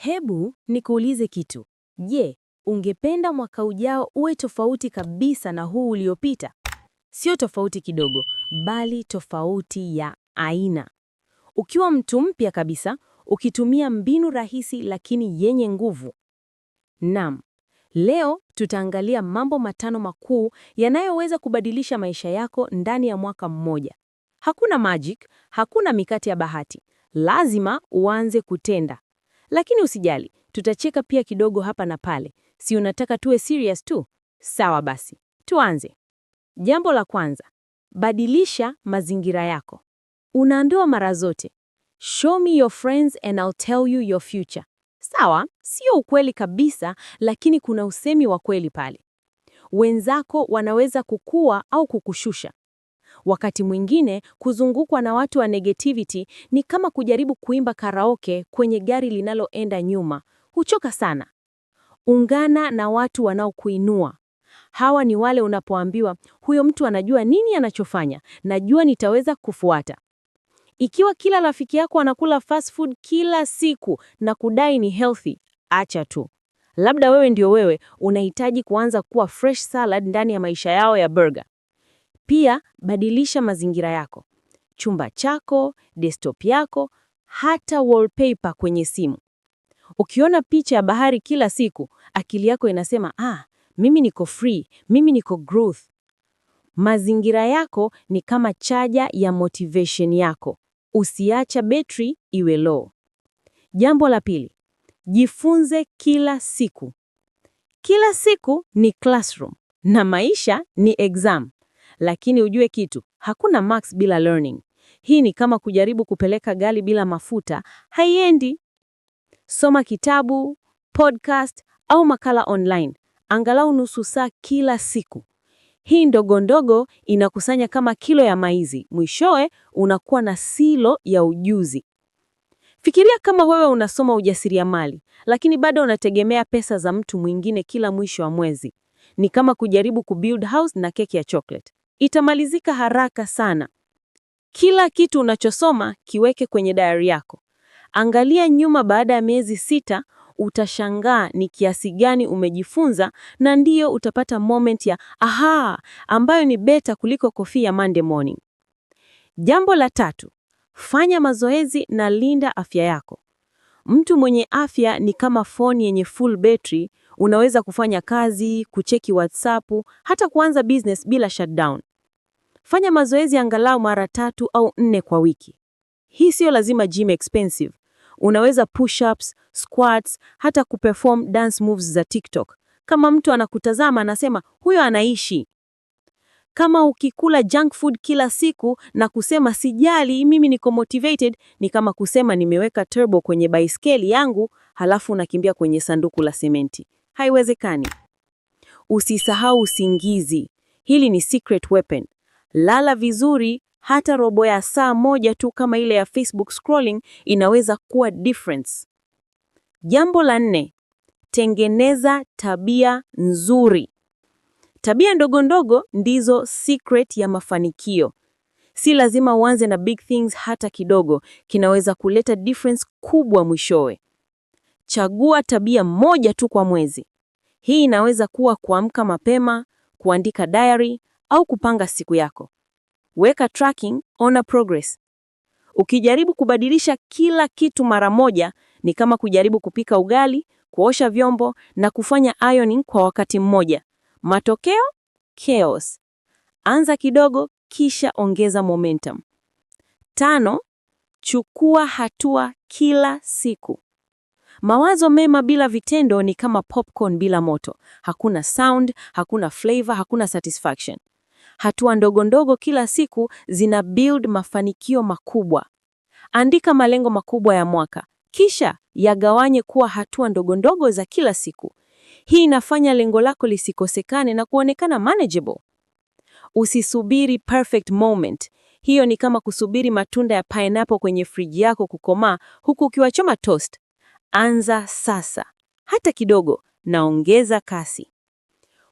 Hebu nikuulize kitu. Je, ungependa mwaka ujao uwe tofauti kabisa na huu uliopita? Sio tofauti kidogo, bali tofauti ya aina. Ukiwa mtu mpya kabisa, ukitumia mbinu rahisi lakini yenye nguvu. Naam. Leo tutaangalia mambo matano makuu yanayoweza kubadilisha maisha yako ndani ya mwaka mmoja. Hakuna magic, hakuna mikate ya bahati. Lazima uanze kutenda. Lakini usijali, tutacheka pia kidogo hapa na pale. Si unataka tuwe serious tu? Sawa basi, tuanze. Jambo la kwanza, badilisha mazingira yako. Unaambiwa mara zote, show me your friends and I'll tell you your future. Sawa, sio ukweli kabisa, lakini kuna usemi wa kweli pale. Wenzako wanaweza kukua au kukushusha, Wakati mwingine kuzungukwa na watu wa negativity ni kama kujaribu kuimba karaoke kwenye gari linaloenda nyuma. Huchoka sana. Ungana na watu wanaokuinua. Hawa ni wale unapoambiwa huyo mtu anajua nini anachofanya, najua nitaweza kufuata. Ikiwa kila rafiki yako anakula fast food kila siku na kudai ni healthy, acha tu. Labda wewe ndio wewe unahitaji kuanza kuwa fresh salad ndani ya maisha yao ya burger. Pia badilisha mazingira yako, chumba chako, desktop yako, hata wallpaper kwenye simu. Ukiona picha ya bahari kila siku, akili yako inasema ah, mimi niko free, mimi niko growth. Mazingira yako ni kama chaja ya motivation yako. Usiacha betri iwe low. Jambo la pili, jifunze kila siku. Kila siku ni classroom na maisha ni exam. Lakini ujue kitu, hakuna max bila learning. Hii ni kama kujaribu kupeleka gari bila mafuta, haiendi. Soma kitabu, podcast au makala online angalau nusu saa kila siku. Hii ndogo ndogo inakusanya kama kilo ya maizi, mwishowe unakuwa na silo ya ujuzi. Fikiria kama wewe unasoma ujasiriamali, lakini bado unategemea pesa za mtu mwingine kila mwisho wa mwezi. Ni kama kujaribu kubuild house na keki ya chocolate. Itamalizika haraka sana. Kila kitu unachosoma kiweke kwenye dayari yako. Angalia nyuma baada ya miezi sita, utashangaa ni kiasi gani umejifunza, na ndiyo utapata moment ya aha, ambayo ni beta kuliko kofi ya Monday morning. Jambo la tatu, fanya mazoezi na linda afya yako. Mtu mwenye afya ni kama phone yenye full battery, unaweza kufanya kazi, kucheki WhatsApp, hata kuanza business bila shutdown. Fanya mazoezi angalau mara tatu au nne kwa wiki. Hii siyo lazima gym expensive. Unaweza push-ups, squats, hata kuperform dance moves za TikTok. Kama mtu anakutazama anasema huyo anaishi. Kama ukikula junk food kila siku na kusema sijali, mimi niko motivated, ni kama kusema nimeweka turbo kwenye baiskeli yangu, halafu unakimbia kwenye sanduku la sementi. Haiwezekani. Usisahau usingizi. Hili ni secret weapon. Lala vizuri, hata robo ya saa moja tu kama ile ya Facebook scrolling inaweza kuwa difference. Jambo la nne, tengeneza tabia nzuri. Tabia ndogo ndogo ndizo secret ya mafanikio. Si lazima uanze na big things, hata kidogo kinaweza kuleta difference kubwa mwishowe. Chagua tabia moja tu kwa mwezi. Hii inaweza kuwa kuamka mapema, kuandika diary au kupanga siku yako. Weka tracking, a progress. Ukijaribu kubadilisha kila kitu mara moja, ni kama kujaribu kupika ugali, kuosha vyombo na kufanya ironing kwa wakati mmoja. Matokeo chaos. Anza kidogo, kisha ongeza momentum. Tano, chukua hatua kila siku. Mawazo mema bila vitendo ni kama popcorn bila moto. Hakuna sound, hakuna flavor, hakuna satisfaction. Hatua ndogo ndogo kila siku zina build mafanikio makubwa. Andika malengo makubwa ya mwaka, kisha yagawanye kuwa hatua ndogo ndogo za kila siku. Hii inafanya lengo lako lisikosekane na kuonekana manageable. Usisubiri perfect moment. Hiyo ni kama kusubiri matunda ya pineapple kwenye friji yako kukomaa huku ukiwachoma toast. Anza sasa, hata kidogo, naongeza kasi.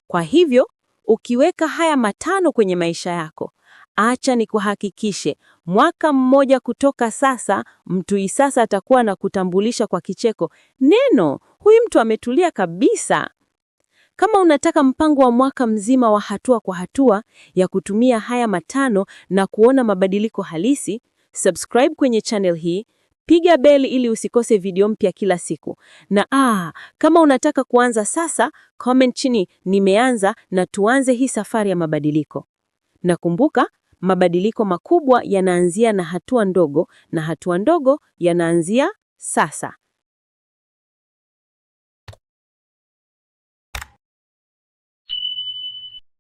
Kwa hivyo Ukiweka haya matano kwenye maisha yako, acha nikuhakikishe, mwaka mmoja kutoka sasa, mtu sasa atakuwa na kutambulisha kwa kicheko, neno huyu mtu ametulia kabisa. Kama unataka mpango wa mwaka mzima wa hatua kwa hatua ya kutumia haya matano na kuona mabadiliko halisi, subscribe kwenye channel hii, Piga beli ili usikose video mpya kila siku. Na aa, kama unataka kuanza sasa, comment chini nimeanza na tuanze hii safari ya mabadiliko. nakumbuka mabadiliko makubwa yanaanzia na hatua ndogo na hatua ndogo yanaanzia sasa.